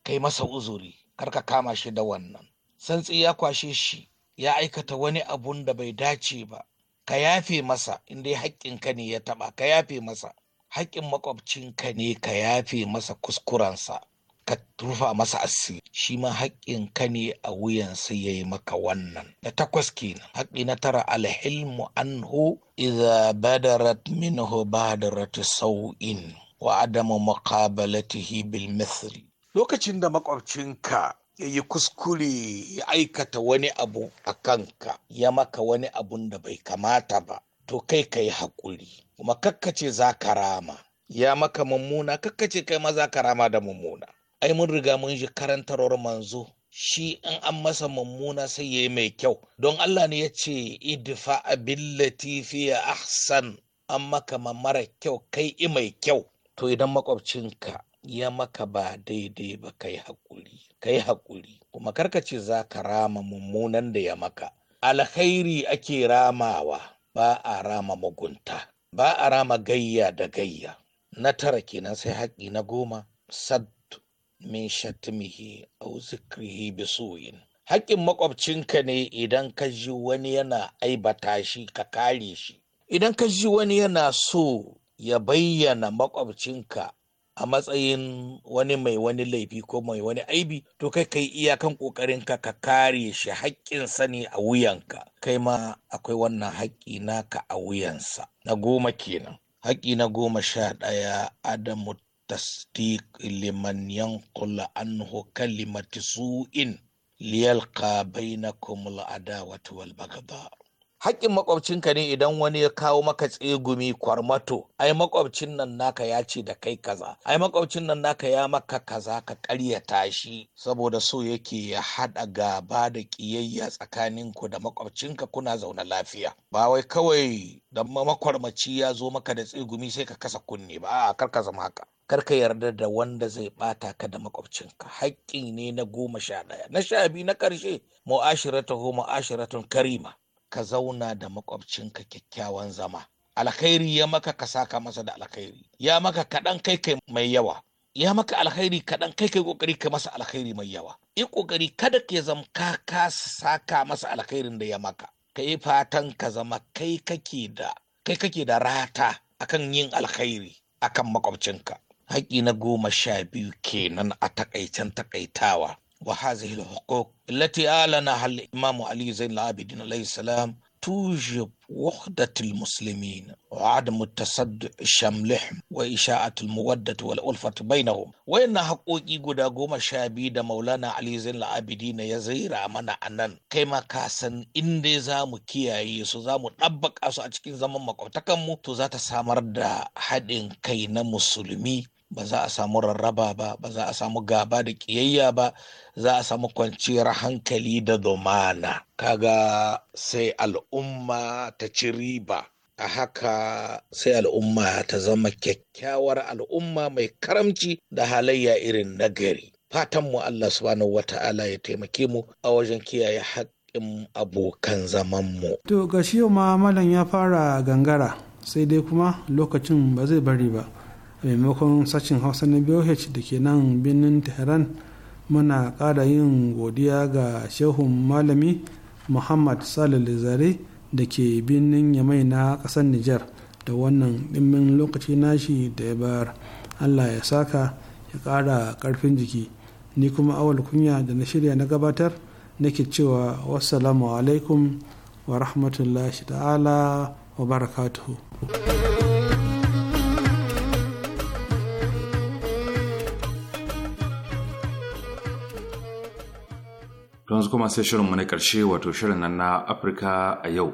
J: kai masa uzuri kar ka kama shi da wannan santsi ya kwashe shi ya aikata wani abun da bai dace ba ka yafe masa in dai haƙƙin ka ne ya taɓa ka yafe masa haƙƙin ka ne ka yafe masa kuskurensa ka rufa masa asiri shi ma haƙƙin ka ne a wuyansa ya yi maka wannan na takwas kenan haƙƙi na tara alhilmu anhu idza badarat minhu badarat sau'in wa adamu muqabalatihi bil mithli lokacin da makwabcinka ya yi kuskure ya aikata wani abu a kanka ya maka wani abun da bai kamata ba to kai ka yi haƙuri kuma kakkace za ka rama ya maka mummuna kakkace kai ma za ka rama da mummuna ai mun riga mun shi karantarwar manzo shi in an masa mummuna sai ya yi mai kyau don Allah ne ya ce idfa abillati fi ahsan an maka ma mara kyau kai i mai kyau to idan makwabcinka ya maka ba daidai ba kai hakuri kai hakuri kuma ce za ka rama mummunan da ya maka alkhairi ake ramawa ba a rama mugunta ba a rama gayya da gayya na tara kenan sai haƙi na goma sad min shatmihi aw zikrihi bi su'in haƙƙin makwabcinka ne idan ka ji wani yana aibata shi ka kare shi idan ka ji wani yana so ya bayyana makwabcinka a matsayin wani mai wani laifi ko mai wani aibi to kai kai kan ƙoƙarinka ka ka kare shi haƙƙin ne a wuyanka kai ma akwai wannan haƙƙi naka a wuyansa na goma kenan haƙƙi na goma sha ɗaya adamu tasdiq لمن ينقل عنه كلمة سوء ليلقى بينكم العداوة والبغضاء haƙƙin makwabcinka ne idan wani ya kawo maka tsegumi kwarmato ai makwabcin nan naka ya ce da kai kaza ai makwabcin nan naka ya maka kaza ka ƙaryata shi saboda so yake ya haɗa gaba da ƙiyayya tsakaninku da makwabcinka kuna zaune lafiya ba wai kawai da makwarmaci ya zo maka da tsegumi sai ka kasa kunne ba a kar ka zama haka kar ka yarda da wanda zai bata ka da makwabcinka haƙƙi ne na goma sha ɗaya na sha biyu na ƙarshe mu mu'ashiratun karima ka zauna da makwabcinka kyakkyawan zama alkhairi ya maka ka saka masa da alkhairi ya maka kaɗan kai kai mai yawa ya maka alkhairi kaɗan kai kai ƙoƙari ka masa alkhairi mai yawa yi ƙoƙari kada ka zama ka ka saka masa alkhairin da ya maka ka yi fatan ka zama kai kake da kai kake da rata akan yin alkhairi akan makwabcinka haƙƙi na goma sha biyu kenan a takaicen takaitawa wa hazihi al Lati ala na hal imamu ali zain al-abidin alayhi salam tujib wahdat al-muslimin wa adam at shamlih wa isha'at al-muwaddah wal ulfat bainahum wa inna guda goma sha biyu da maulana ali abidin ya zaira mana a nan. kai ma ka san inda zamu kiyaye su zamu dabbaka su a cikin zaman makwabtakan mu to zata samar da haɗin kai na musulmi ba za a samu rarraba ba ba za a samu gaba da ƙiyayya ba za a samu kwanciyar hankali da domana kaga sai al'umma ta ci riba a haka sai al'umma ta zama kyakkyawar al'umma mai karamci da halayya irin nagari fatanmu Allah subhanahu wata'ala ya taimake mu a wajen kiyaye haƙƙin abokan zamanmu.
C: To ga shi ma malam ya fara gangara sai dai kuma lokacin ba zai bari ba. a maimakon sashen hausa na boh da ke nan birnin tehran muna ƙara yin godiya ga shehun malami muhammad salih zare da ke birnin yamai na ƙasar nijar da wannan ɗimbin lokaci nashi da ya bayar allah ya saka ya ƙara ƙarfin jiki ni kuma awal kunya da na shirya na gabatar nake cewa wassalamu alaikum wa rahmatullahi ta'ala wa
A: barakatuhu don kuma sai shirinmu na ƙarshe wato shirin nan na afirka a yau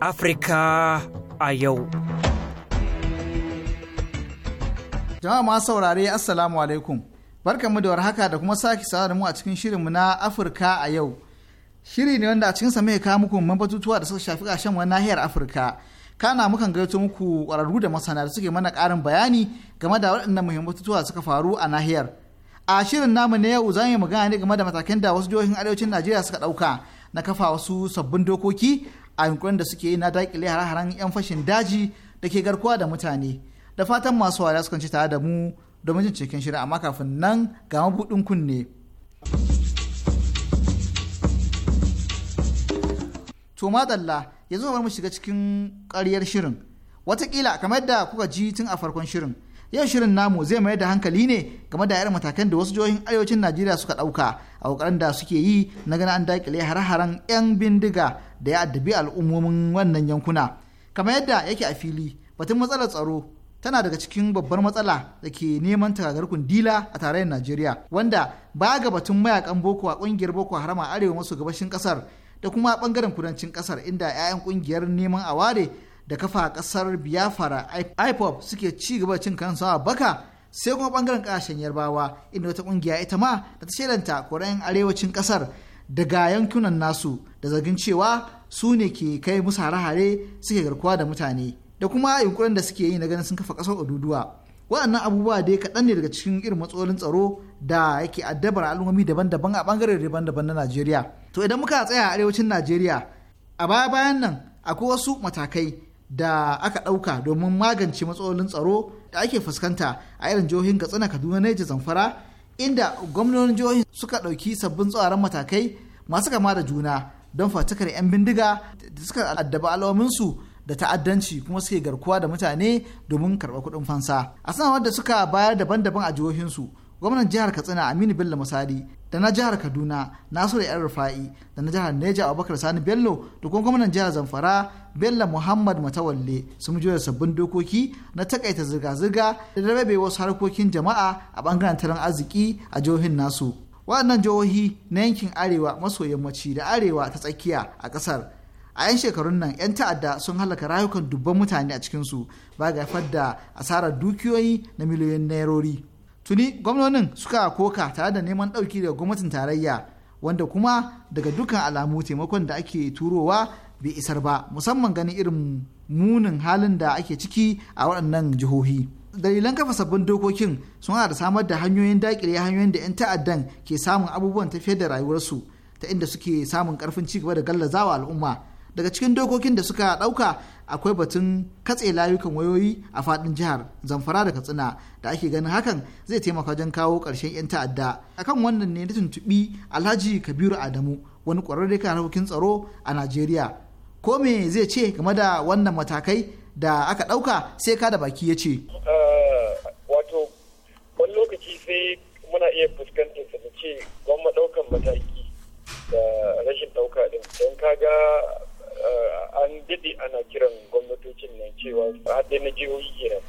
B: Afirka a yau.
K: Jama'a ma saurare Assalamu alaikum. Barkanmu da warhaka da kuma sake sa da mu a cikin shirinmu na Afirka a yau. Shiri ne wanda a cikinsa mai kawo muku batutuwa da suka shafi ƙarshen wani nahiyar Afirka kana mukan gaito muku ƙwararru da masana da suke mana karin bayani game da waɗannan muhimman batutuwa suka faru a nahiyar a shirin namu na yau za mu magana ne game da matakan da wasu jihohin arewacin najeriya suka ɗauka na kafa wasu sabbin dokoki a yunkurin da suke yi na daƙile hare-haren 'yan fashin daji da ke garkuwa da mutane da fatan masu wariya sukan ci tare da mu domin jin cikin shirin amma kafin nan ga mabuɗin kunne. to madalla Ya yanzu bar mu shiga cikin ƙaryar shirin watakila kamar yadda kuka ji tun a farkon shirin yau shirin namu zai mayar da hankali ne game da irin matakan da wasu jihohin arewacin najeriya suka ɗauka a ƙoƙarin da suke yi na ganin an daƙile hare-haren 'yan bindiga da ya addabi al'ummomin wannan yankuna kamar yadda yake a fili batun matsalar tsaro tana daga cikin babbar matsala da ke neman tagagar Dila a tarayyar najeriya wanda ba ga batun mayakan boko a ƙungiyar boko haram a arewa maso gabashin ƙasar da kuma bangaren kudancin kasar inda 'ya'yan kungiyar neman aware da kafa kasar biafra ipop suke ci gaba cin kansu a baka sai kuma bangaren kasashen yarbawa inda wata kungiya ita ma da ta shaidanta koren arewacin kasar daga yankunan nasu da zargin cewa su ne ke kai musu hare-hare suke garkuwa da mutane da kuma yunkurin da suke yi na ganin sun kafa kasar oduduwa waɗannan abubuwa dai kaɗan ne daga cikin irin matsalolin tsaro da yake addabar al'ummomi daban-daban a bangare daban-daban na Najeriya. To idan muka tsaya a arewacin Najeriya a baya bayan nan akwai wasu matakai da aka ɗauka domin magance matsalolin tsaro da ake fuskanta a irin jihohin Katsina, Kaduna, Niger, Zamfara inda gwamnonin jihohin suka ɗauki sabbin tsaron matakai masu kama da juna don fatakar 'yan bindiga da suka addaba su da ta'addanci kuma suke garkuwa da mutane domin karɓar kuɗin fansa a sanarwar da suka bayar daban-daban a jihohinsu gwamnan jihar katsina aminu bello musadi da na jihar kaduna nasiru yan rufa'i da na jihar neja abubakar sani bello da kuma gwamnan jihar zamfara bello muhammad matawalle sun da sabbin dokoki na takaita zirga-zirga da rabe wasu harkokin jama'a a bangaren tattalin arziki a jihohin nasu waɗannan jihohi na yankin arewa maso yammaci da arewa ta tsakiya a ƙasar a 'yan shekarun nan 'yan ta'adda sun halaka rayukan dubban mutane a cikinsu ba ga da asarar dukiyoyi na miliyoyin nairori tuni gwamnonin suka koka tare da neman ɗauki daga gwamnatin tarayya wanda kuma daga dukkan alamu taimakon da ake turowa bai isar ba musamman ganin irin munin halin da ake ciki a waɗannan jihohi dalilan kafa sabbin dokokin sun da samar da hanyoyin daƙile hanyoyin da 'yan ta'addan ke samun abubuwan tafiyar da rayuwarsu ta inda suke samun karfin ci gaba da gallazawa al'umma daga cikin dokokin da suka ɗauka akwai batun katse layukan wayoyi a fadin jihar zamfara da katsina da ake ganin hakan zai taimaka wajen kawo karshen 'yan ta'adda akan wannan ne na tuntubi alhaji kabiru adamu wani kwararre kan harkokin tsaro a najeriya ko me zai ce game da wannan matakai da aka ɗauka sai ka da baki ya ce eh, wato wani lokaci sai muna iya
L: fuskantar sa ce ɗaukan mataki da rashin ɗauka ɗin don kaga
I: Eh, an daɗe ana kiran gwamnatocin nan cewa haɗe na jihohi kenan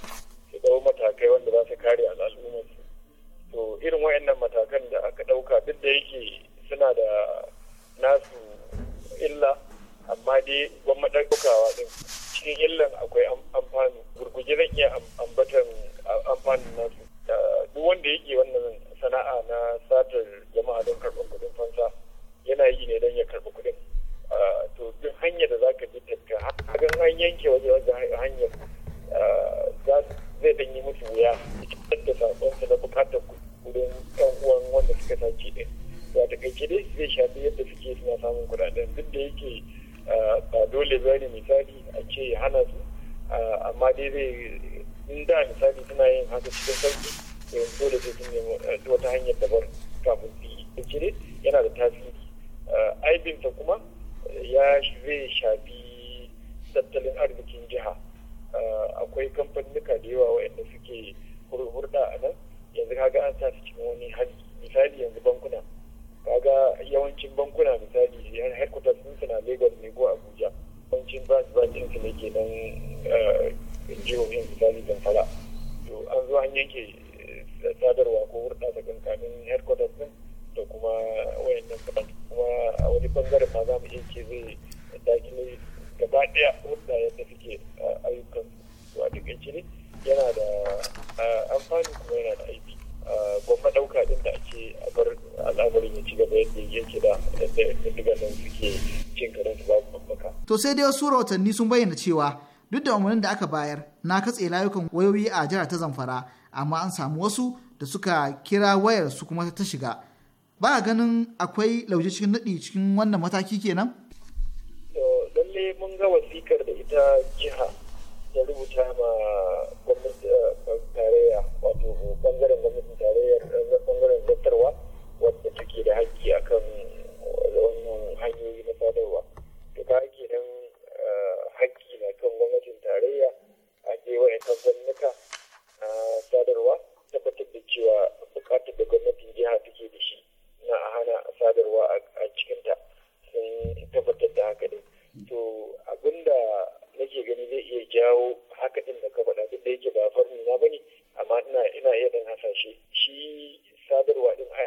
I: su ɗau matakai wanda za su kare al'ummar to irin wayannan matakan da aka ɗauka duk da yake suna da nasu illa amma dai gwamnatin ɗaukawa ɗin cikin illan akwai amfani gurguje zan iya ambatan amfanin nasu duk wanda yake wannan sana'a na satar jama'a don karɓar kuɗin fansa yana yi ne don ya karɓi kuɗin to duk hanyar da za ka bi ka an yanke waje wajen hanyar ah, zai danyi yi musu wuya cikin da su na buƙatar kudin ɗan uwan wanda suka sace ɗin ya kai dai zai shafi yadda suke suna samun kuɗaɗen duk da yake ah, ba dole ba ne misali a ce hana su ah, amma dai zai in da misali suna yin haka cikin sauki yanzu dole sai sun nemi eh, wata hanyar dabar kafin su yi yana da tasiri aibinsa kuma ya zai shafi tattalin arzikin jiha eh, akwai kamfanuka da yawa waɗanda suke hurda a nan yanzu kaga an sa su cikin wani hali misali yanzu bankuna kaga yawancin bankuna misali yan headquarters sun suna lagos ne ko abuja yawancin branch branch su ne ke nan eh, jihohin misali zamfara to an zo an yanke eh, sadarwa ko hurɗa ta kankanin headquarters sun. da kuma wayannan kuma a wani bangaren ma za mu iya ce zai dakile gaba daya ya yadda suke ayyukan su a takaice ne yana da amfani kuma yana da aiki gwamma dauka din da ake a bar al'amarin ya ci gaba yadda yake da yadda diga nan suke cin karen su babu
K: babbaka. to sai dai wasu rahotanni sun bayyana cewa duk da umarnin da aka bayar na katse layukan wayoyi a jihar ta zamfara amma an samu wasu da suka kira wayar su kuma ta shiga ba ganin akwai lauje cikin naɗi cikin wannan mataki kenan?
I: lalle mun ga wasikar da ita jiha ta rubuta ma gwamnatin eh, tarayya wato bangaren gwamnatin tarayyar eh, bangaren zartarwa wadda take da haƙƙi akan wannan hanyoyi na sadarwa to ka haƙƙi nan eh, haƙƙi na kan gwamnatin tarayya a je wa'yankan na sadarwa tabbatar da cewa bukatar da gwamnatin jiha ta za hana sadarwa a cikinta sun tabbatar da haka din to abinda nake gani zai iya jawo haka din da ka faɗa duk da yake ba farmi na bane amma ina iya ɗan hasashe shi sadarwa din ai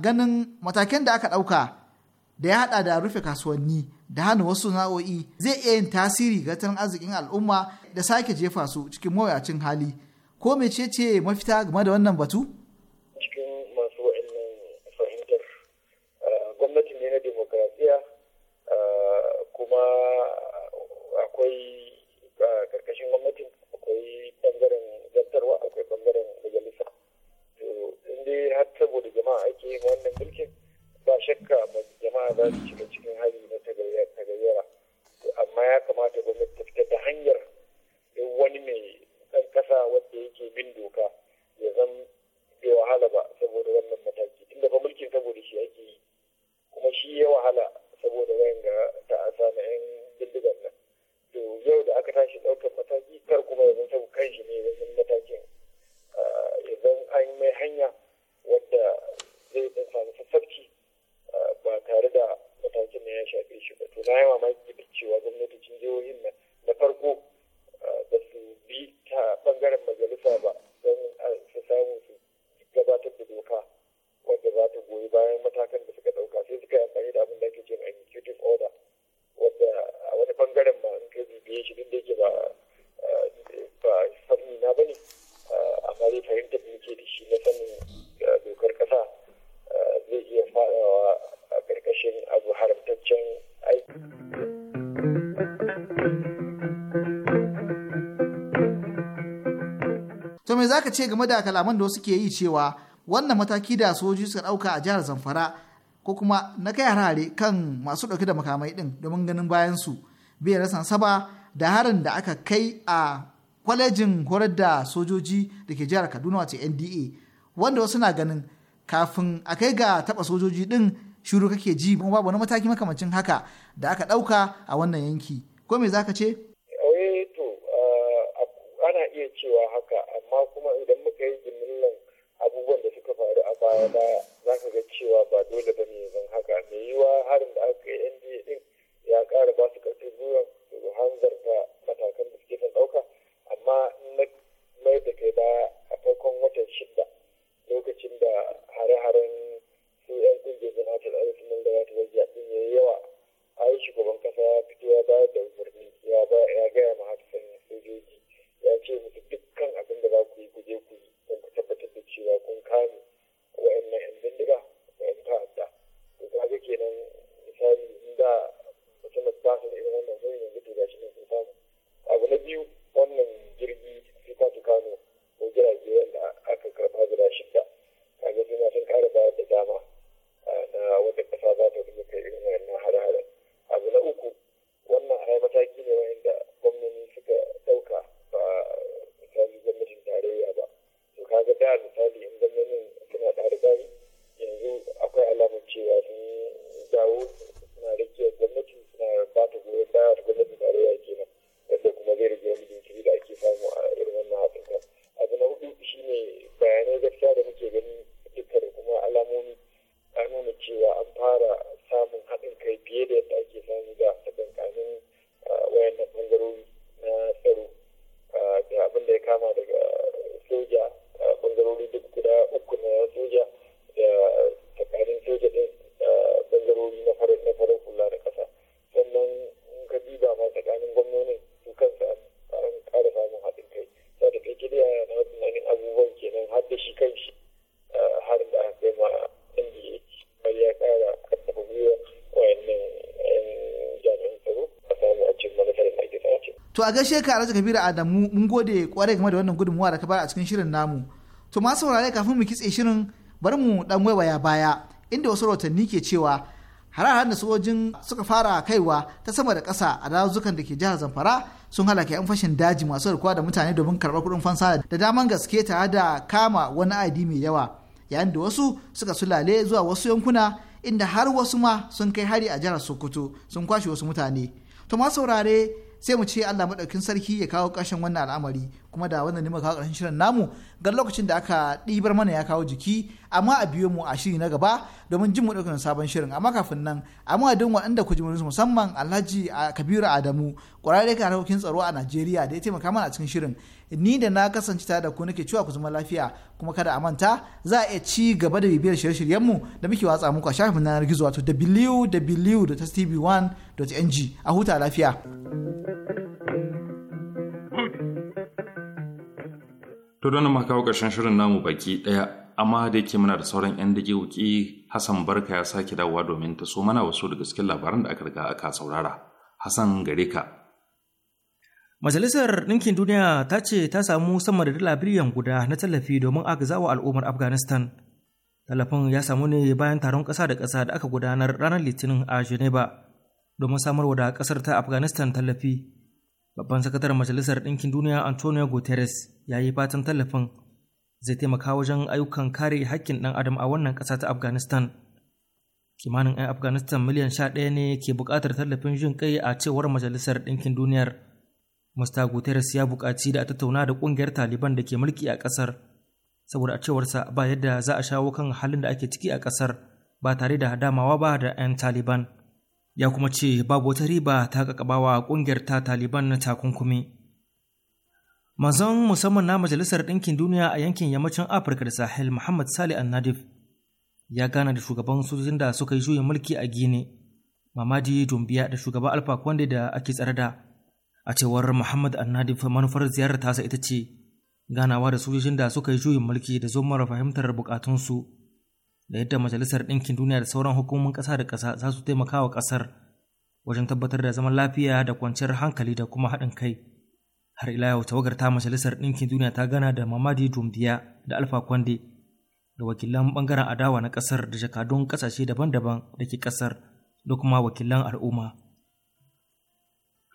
K: ganin matakan da aka ɗauka da ya haɗa da rufe kasuwanni da hana wasu na'oi zai iya yin tasiri ga tattalin arzikin al'umma da sake jefa su cikin mawuyacin hali ko mecece mafita game da wannan batu? aka ce game da kalaman da suke yi cewa wannan mataki da sojoji suka ɗauka a jihar zamfara ko kuma na kai harare kan masu ɗauke da makamai ɗin domin ganin bayan su bai rasa saba da harin da aka kai a kwalejin horar da sojoji da ke jihar kaduna wace nda wanda wasu na ganin kafin a kai ga taɓa sojoji ɗin shiru kake ji babu wani mataki makamancin haka da aka ɗauka a wannan yanki ko me zaka ce that. Uh, to a gaishe ka alhaji kabiru adamu mun gode kwarai game da wannan gudunmuwa da ka bayar a cikin shirin namu to masu saurare kafin mu kitse shirin bari mu dan waiwaya baya inda wasu rahotanni ke cewa harar da sojojin suka fara kaiwa ta sama da ƙasa a dazukan da ke jihar zamfara sun halaka 'yan fashin daji masu rikuwa da mutane domin karɓar kuɗin fansa da daman gaske tare da kama wani ID mai yawa yayin da wasu suka sulale zuwa wasu yankuna inda har wasu ma sun kai hari a jihar sokoto sun kwashe wasu mutane to masu saurare sai mu ce Allah maɗaukin sarki ya kawo ƙarshen wannan al'amari kuma da wannan ne kawo ƙarshen shirin namu ga lokacin da aka ɗibar mana ya kawo jiki amma a biyo mu a shiri na gaba domin jin mu ɗaukar sabon shirin amma kafin nan a don waɗanda ku ji musamman Alhaji Kabiru Adamu ƙwararre ka harkokin tsaro a Najeriya da ya taimaka mana a cikin shirin ni da na kasance tare da ku nake cewa ku zama lafiya kuma kada a manta za a iya ci gaba da bibiyar shirye-shiryenmu da muke watsa muku a shafin yanar gizo wato www.tv1.ng a huta lafiya.
A: To don ma kawo ƙarshen shirin namu baki ɗaya amma da yake muna da sauran 'yan dake wuki Hassan Barka ya sake dawowa domin ta so mana wasu daga cikin labaran da aka riga aka saurara. Hassan gare ka.
B: Majalisar Ɗinkin Duniya ta ce ta samu sama da dala biliyan guda na tallafi domin agazawa al'ummar Afghanistan. Tallafin ya samu ne bayan taron ƙasa da ƙasa da aka gudanar ranar Litinin a Geneva domin samarwa da ƙasar ta Afghanistan tallafi. Babban sakataren Majalisar Ɗinkin Duniya Antonio Guterres ya yi fatan tallafin zai taimaka wajen ayyukan kare haƙƙin ɗan adam a wannan ƙasa ta Afghanistan. Kimanin 'yan Afghanistan miliyan sha ɗaya ne ke buƙatar tallafin jin ƙai a cewar Majalisar Ɗinkin Duniyar. Mr. Guterres ya buƙaci da a tattauna da ƙungiyar Taliban da ke mulki a ƙasar, saboda a cewarsa ba yadda za a shawo kan halin da ake ciki a ƙasar ba tare da damawa ba da 'yan Taliban. Ya kuma ce babu wata riba ta ƙaƙabawa ƙungiyar ta Taliban na takunkumi. Manzon musamman na Majalisar Ɗinkin Duniya a yankin yammacin Afirka da Sahel Muhammad Salih Al-Nadif ya gana da shugaban sojojin da suka yi juyin mulki a Gini, Mamadi Dumbiya da shugaban Alfa Kwande da ake tsare da a cewar muhammad Annadi manufar ziyarar tasa ita ce ganawa da sojojin da suka yi juyin mulki da zo mara fahimtar bukatunsu da yadda majalisar ɗinkin duniya da sauran hukumomin ƙasa da ƙasa za su taimaka wa ƙasar wajen tabbatar da zaman lafiya da kwanciyar hankali da kuma haɗin kai har ila yau tawagar ta majalisar ɗinkin duniya ta gana da mamadi dumbiya da alfa kwande da wakilan bangaren adawa na ƙasar da jakadun ƙasashe daban-daban da ke ƙasar da kuma wakilan al'umma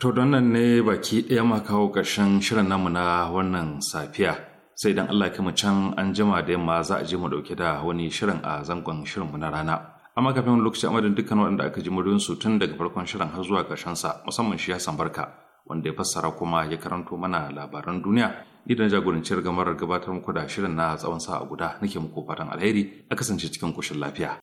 A: To don nan ne baki ɗaya ma kawo ƙarshen shirin namu na wannan safiya. Sai don Allah mu can an jima da yamma za a je mu ɗauke da wani shirin a zangon shirinmu na rana. amma kafin lokaci amadin dukkan waɗanda aka ji murin su tun daga farkon shirin har zuwa ƙarshen sa musamman shi Hassan Barka wanda ya fassara kuma ya karanto mana labaran duniya da idan jagorancin gamarar gabatar muku da shirin na tsawon sa'a guda nake muku fatan alheri a kasance cikin koshin lafiya.